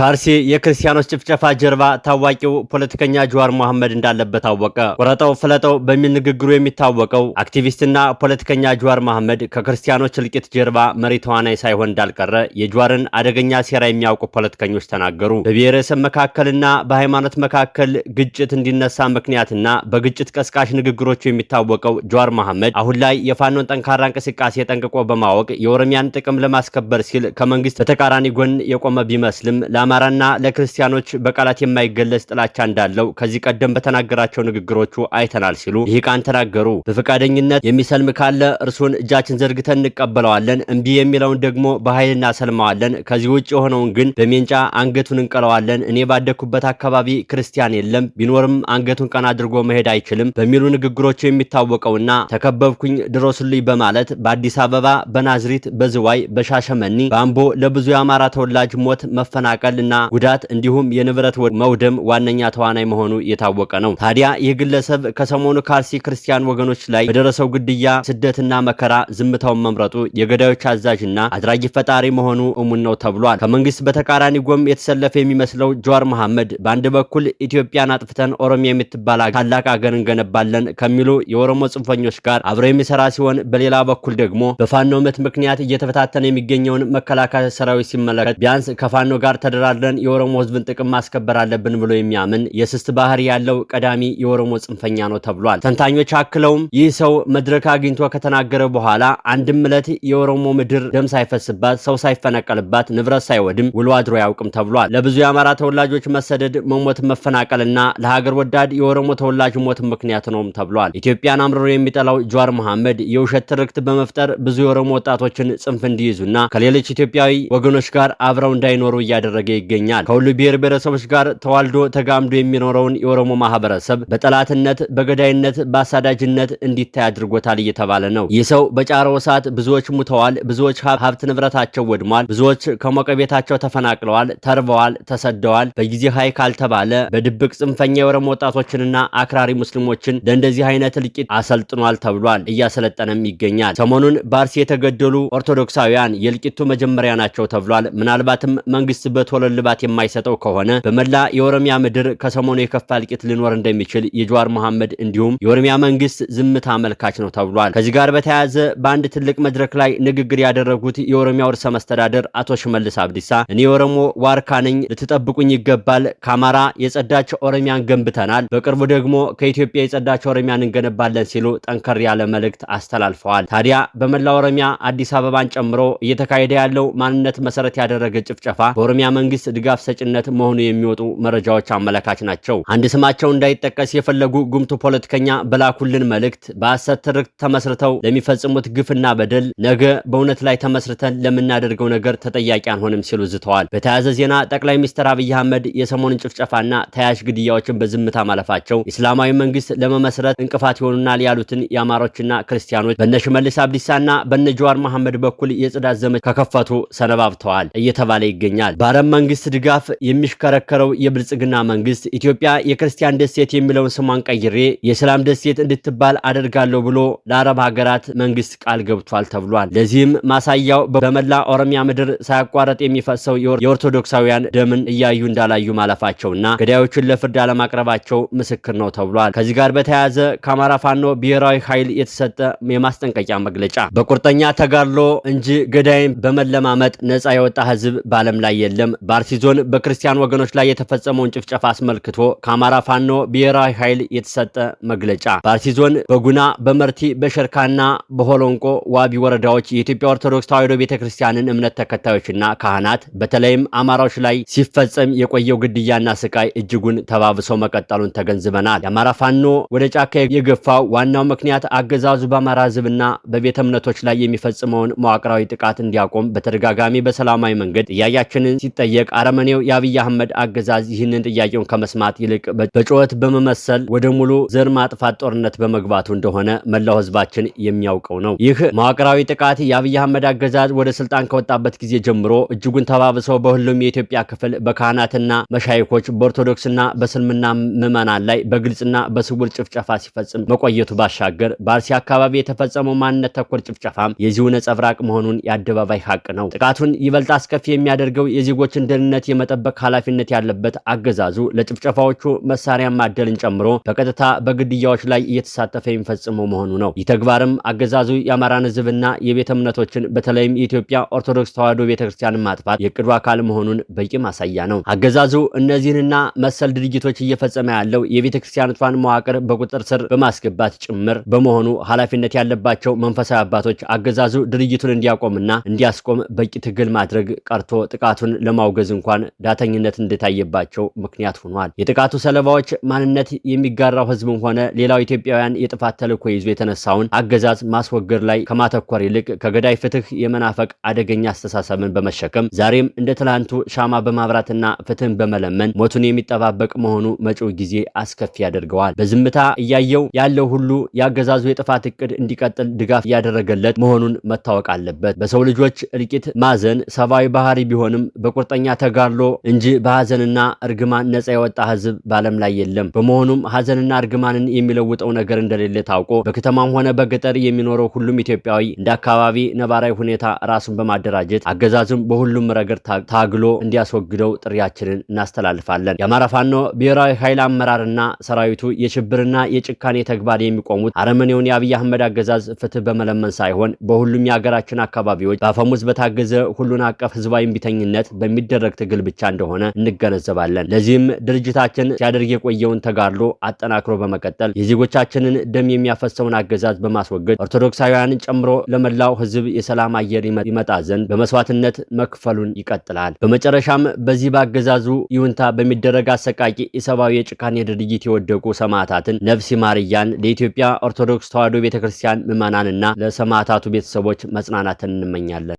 ከአርሲ የክርስቲያኖች ጭፍጨፋ ጀርባ ታዋቂው ፖለቲከኛ ጀዋር መሐመድ እንዳለበት ታወቀ። ቁረጠው ፍለጠው በሚል ንግግሩ የሚታወቀው አክቲቪስትና ፖለቲከኛ ጀዋር መሐመድ ከክርስቲያኖች እልቂት ጀርባ መሪ ተዋናይ ሳይሆን እንዳልቀረ የጀዋርን አደገኛ ሴራ የሚያውቁ ፖለቲከኞች ተናገሩ። በብሔረሰብ መካከልና በሃይማኖት መካከል ግጭት እንዲነሳ ምክንያትና በግጭት ቀስቃሽ ንግግሮቹ የሚታወቀው ጀዋር መሐመድ አሁን ላይ የፋኖን ጠንካራ እንቅስቃሴ ጠንቅቆ በማወቅ የኦሮሚያን ጥቅም ለማስከበር ሲል ከመንግስት በተቃራኒ ጎን የቆመ ቢመስልም ለ ለአማራና ለክርስቲያኖች በቃላት የማይገለጽ ጥላቻ እንዳለው ከዚህ ቀደም በተናገራቸው ንግግሮቹ አይተናል ሲሉ ልሂቃን ተናገሩ። በፈቃደኝነት የሚሰልም ካለ እርሱን እጃችን ዘርግተን እንቀበለዋለን፣ እምቢ የሚለውን ደግሞ በኃይል እናሰልመዋለን። ከዚህ ውጭ የሆነውን ግን በሜንጫ አንገቱን እንቀለዋለን። እኔ ባደግኩበት አካባቢ ክርስቲያን የለም፣ ቢኖርም አንገቱን ቀና አድርጎ መሄድ አይችልም በሚሉ ንግግሮቹ የሚታወቀውና ተከበብኩኝ ድረሱልኝ በማለት በአዲስ አበባ፣ በናዝሪት፣ በዝዋይ፣ በሻሸመኒ፣ በአምቦ ለብዙ የአማራ ተወላጅ ሞት መፈናቀል መወለድና ጉዳት እንዲሁም የንብረት መውደም ዋነኛ ተዋናይ መሆኑ የታወቀ ነው። ታዲያ ይህ ግለሰብ ከሰሞኑ ካልሲ ክርስቲያን ወገኖች ላይ በደረሰው ግድያ፣ ስደትና መከራ ዝምታውን መምረጡ የገዳዮች አዛዥና አድራጊ ፈጣሪ መሆኑ እሙን ነው ተብሏል። ከመንግስት በተቃራኒ ጎም የተሰለፈ የሚመስለው ጀዋር መሐመድ በአንድ በኩል ኢትዮጵያን አጥፍተን ኦሮሚያ የምትባል ታላቅ ሀገር እንገነባለን ከሚሉ የኦሮሞ ጽንፈኞች ጋር አብሮ የሚሰራ ሲሆን በሌላ በኩል ደግሞ በፋኖ መት ምክንያት እየተፈታተነ የሚገኘውን መከላከያ ሰራዊት ሲመለከት ቢያንስ ከፋኖ ጋር ተደ ተደራድረን የኦሮሞ ህዝብን ጥቅም ማስከበር አለብን ብሎ የሚያምን የስስት ባህሪ ያለው ቀዳሚ የኦሮሞ ጽንፈኛ ነው ተብሏል። ተንታኞች አክለውም ይህ ሰው መድረክ አግኝቶ ከተናገረ በኋላ አንድም ዕለት የኦሮሞ ምድር ደም ሳይፈስባት፣ ሰው ሳይፈነቀልባት፣ ንብረት ሳይወድም ውሎ አድሮ አያውቅም ተብሏል። ለብዙ የአማራ ተወላጆች መሰደድ፣ መሞት፣ መፈናቀልና ለሀገር ወዳድ የኦሮሞ ተወላጅ ሞት ምክንያት ነውም ተብሏል። ኢትዮጵያን አምርሮ የሚጠላው ጀዋር መሐመድ የውሸት ትርክት በመፍጠር ብዙ የኦሮሞ ወጣቶችን ጽንፍ እንዲይዙና ከሌሎች ኢትዮጵያዊ ወገኖች ጋር አብረው እንዳይኖሩ እያደረገ እያደገ ይገኛል። ከሁሉ ብሔር ብሔረሰቦች ጋር ተዋልዶ ተጋምዶ የሚኖረውን የኦሮሞ ማህበረሰብ በጠላትነት፣ በገዳይነት፣ በአሳዳጅነት እንዲታይ አድርጎታል እየተባለ ነው። ይህ ሰው በጫረው እሳት ብዙዎች ሙተዋል፣ ብዙዎች ሀብት ንብረታቸው ወድሟል፣ ብዙዎች ከሞቀ ቤታቸው ተፈናቅለዋል፣ ተርበዋል፣ ተሰደዋል። በጊዜ ሀይ ካልተባለ በድብቅ ጽንፈኛ የኦሮሞ ወጣቶችንና አክራሪ ሙስሊሞችን ለእንደዚህ አይነት እልቂት አሰልጥኗል ተብሏል። እያሰለጠነም ይገኛል። ሰሞኑን በአርሲ የተገደሉ ኦርቶዶክሳውያን የእልቂቱ መጀመሪያ ናቸው ተብሏል። ምናልባትም መንግስት በቶሎ ቶሎ ልባት የማይሰጠው ከሆነ በመላ የኦሮሚያ ምድር ከሰሞኑ የከፋ እልቂት ሊኖር እንደሚችል የጀዋር መሐመድ እንዲሁም የኦሮሚያ መንግስት ዝምታ አመልካች ነው ተብሏል። ከዚህ ጋር በተያያዘ በአንድ ትልቅ መድረክ ላይ ንግግር ያደረጉት የኦሮሚያ ርዕሰ መስተዳደር አቶ ሽመልስ አብዲሳ እኔ የኦሮሞ ዋርካ ነኝ፣ ልትጠብቁኝ ይገባል። ከአማራ የጸዳች ኦሮሚያን ገንብተናል፣ በቅርቡ ደግሞ ከኢትዮጵያ የጸዳች ኦሮሚያን እንገነባለን ሲሉ ጠንከር ያለ መልእክት አስተላልፈዋል። ታዲያ በመላ ኦሮሚያ አዲስ አበባን ጨምሮ እየተካሄደ ያለው ማንነት መሰረት ያደረገ ጭፍጨፋ በኦሮሚያ መንግስት የመንግስት ድጋፍ ሰጭነት መሆኑ የሚወጡ መረጃዎች አመላካች ናቸው። አንድ ስማቸው እንዳይጠቀስ የፈለጉ ጉምቱ ፖለቲከኛ በላኩልን መልእክት በሐሰት ትርክት ተመስርተው ለሚፈጽሙት ግፍና በደል ነገ በእውነት ላይ ተመስርተን ለምናደርገው ነገር ተጠያቂ አንሆንም ሲሉ ዝተዋል። በተያያዘ ዜና ጠቅላይ ሚኒስትር አብይ አህመድ የሰሞኑን ጭፍጨፋና ተያያዥ ግድያዎችን በዝምታ ማለፋቸው እስላማዊ መንግስት ለመመስረት እንቅፋት ይሆኑናል ያሉትን የአማሮችና ክርስቲያኖች በነሽመልስ አብዲሳና በነ ጀዋር መሐመድ በኩል የጽዳት ዘመቻ ከከፈቱ ሰነባብተዋል እየተባለ ይገኛል። በአረም መንግስት ድጋፍ የሚሽከረከረው የብልጽግና መንግስት ኢትዮጵያ የክርስቲያን ደሴት የሚለውን ስሟን ቀይሬ የሰላም ደሴት እንድትባል አደርጋለሁ ብሎ ለአረብ ሀገራት መንግስት ቃል ገብቷል ተብሏል። ለዚህም ማሳያው በመላ ኦሮሚያ ምድር ሳያቋረጥ የሚፈሰው የኦርቶዶክሳውያን ደምን እያዩ እንዳላዩ ማለፋቸውና ገዳዮቹን ለፍርድ አለማቅረባቸው ምስክር ነው ተብሏል። ከዚህ ጋር በተያያዘ ከአማራ ፋኖ ብሔራዊ ኃይል የተሰጠ የማስጠንቀቂያ መግለጫ በቁርጠኛ ተጋድሎ እንጂ ገዳይም በመለማመጥ ነፃ የወጣ ህዝብ በዓለም ላይ የለም። በአርሲ ዞን በክርስቲያን ወገኖች ላይ የተፈጸመውን ጭፍጨፋ አስመልክቶ ከአማራ ፋኖ ብሔራዊ ኃይል የተሰጠ መግለጫ። በአርሲ ዞን በጉና በመርቲ በሸርካና በሆሎንቆ ዋቢ ወረዳዎች የኢትዮጵያ ኦርቶዶክስ ተዋሕዶ ቤተ ክርስቲያንን እምነት ተከታዮችና ካህናት በተለይም አማራዎች ላይ ሲፈጸም የቆየው ግድያና ስቃይ እጅጉን ተባብሶ መቀጠሉን ተገንዝበናል። የአማራ ፋኖ ወደ ጫካ የገፋው ዋናው ምክንያት አገዛዙ በአማራ ህዝብና በቤተ እምነቶች ላይ የሚፈጽመውን መዋቅራዊ ጥቃት እንዲያቆም በተደጋጋሚ በሰላማዊ መንገድ ጥያቄያችንን ሲጠየቅ መጠየቅ አረመኔው የአብይ አህመድ አገዛዝ ይህንን ጥያቄውን ከመስማት ይልቅ በጩኸት በመመሰል ወደ ሙሉ ዘር ማጥፋት ጦርነት በመግባቱ እንደሆነ መላው ህዝባችን የሚያውቀው ነው። ይህ መዋቅራዊ ጥቃት የአብይ አህመድ አገዛዝ ወደ ስልጣን ከወጣበት ጊዜ ጀምሮ እጅጉን ተባብሰው በሁሉም የኢትዮጵያ ክፍል በካህናትና መሻይኮች በኦርቶዶክስና በእስልምና ምዕመናን ላይ በግልጽና በስውር ጭፍጨፋ ሲፈጽም መቆየቱ ባሻገር በአርሲ አካባቢ የተፈጸመው ማንነት ተኮር ጭፍጨፋም የዚሁ ነጸብራቅ መሆኑን የአደባባይ ሀቅ ነው። ጥቃቱን ይበልጥ አስከፊ የሚያደርገው የዜጎችን ደህንነት የመጠበቅ ኃላፊነት ያለበት አገዛዙ ለጭፍጨፋዎቹ መሳሪያ ማደልን ጨምሮ በቀጥታ በግድያዎች ላይ እየተሳተፈ የሚፈጽመው መሆኑ ነው። ይህ ተግባርም አገዛዙ የአማራን ህዝብና የቤተ እምነቶችን በተለይም የኢትዮጵያ ኦርቶዶክስ ተዋሕዶ ቤተ ክርስቲያንን ማጥፋት የቅዱ አካል መሆኑን በቂ ማሳያ ነው። አገዛዙ እነዚህንና መሰል ድርጊቶች እየፈጸመ ያለው የቤተ መዋቅር በቁጥር ስር በማስገባት ጭምር በመሆኑ ኃላፊነት ያለባቸው መንፈሳዊ አባቶች አገዛዙ ድርጊቱን እንዲያቆምና እንዲያስቆም በቂ ትግል ማድረግ ቀርቶ ጥቃቱን ለማ ማውገዝ እንኳን ዳተኝነት እንደታየባቸው ምክንያት ሆኗል። የጥቃቱ ሰለባዎች ማንነት የሚጋራው ህዝብም ሆነ ሌላው ኢትዮጵያውያን የጥፋት ተልዕኮ ይዞ የተነሳውን አገዛዝ ማስወገድ ላይ ከማተኮር ይልቅ ከገዳይ ፍትህ የመናፈቅ አደገኛ አስተሳሰብን በመሸከም ዛሬም እንደ ትላንቱ ሻማ በማብራትና ፍትህን በመለመን ሞቱን የሚጠባበቅ መሆኑ መጪው ጊዜ አስከፊ ያደርገዋል። በዝምታ እያየው ያለው ሁሉ የአገዛዙ የጥፋት እቅድ እንዲቀጥል ድጋፍ እያደረገለት መሆኑን መታወቅ አለበት። በሰው ልጆች እልቂት ማዘን ሰብአዊ ባህሪ ቢሆንም በቁርጠ በቁርጠኛ ተጋድሎ እንጂ በሐዘንና እርግማን ነፃ የወጣ ህዝብ በዓለም ላይ የለም። በመሆኑም ሐዘንና እርግማንን የሚለውጠው ነገር እንደሌለ ታውቆ በከተማም ሆነ በገጠር የሚኖረው ሁሉም ኢትዮጵያዊ እንደ አካባቢ ነባራዊ ሁኔታ ራሱን በማደራጀት አገዛዝም በሁሉም ረገድ ታግሎ እንዲያስወግደው ጥሪያችንን እናስተላልፋለን። የአማራ ፋኖ ብሔራዊ ኃይል አመራርና ሰራዊቱ የሽብርና የጭካኔ ተግባር የሚቆሙት አረመኔውን የአብይ አህመድ አገዛዝ ፍትህ በመለመን ሳይሆን በሁሉም የሀገራችን አካባቢዎች በአፈሙዝ በታገዘ ሁሉን አቀፍ ህዝባዊ እምቢተኝነት በሚ የሚደረግ ትግል ብቻ እንደሆነ እንገነዘባለን። ለዚህም ድርጅታችን ሲያደርግ የቆየውን ተጋድሎ አጠናክሮ በመቀጠል የዜጎቻችንን ደም የሚያፈሰውን አገዛዝ በማስወገድ ኦርቶዶክሳውያንን ጨምሮ ለመላው ሕዝብ የሰላም አየር ይመጣ ዘንድ በመስዋዕትነት መክፈሉን ይቀጥላል። በመጨረሻም በዚህ በአገዛዙ ይሁንታ በሚደረግ አሰቃቂ የሰብአዊ የጭካኔ ድርጊት የወደቁ ሰማዕታትን ነፍስ ማርያን ለኢትዮጵያ ኦርቶዶክስ ተዋሕዶ ቤተክርስቲያን ምዕመናንና ለሰማዕታቱ ቤተሰቦች መጽናናትን እንመኛለን።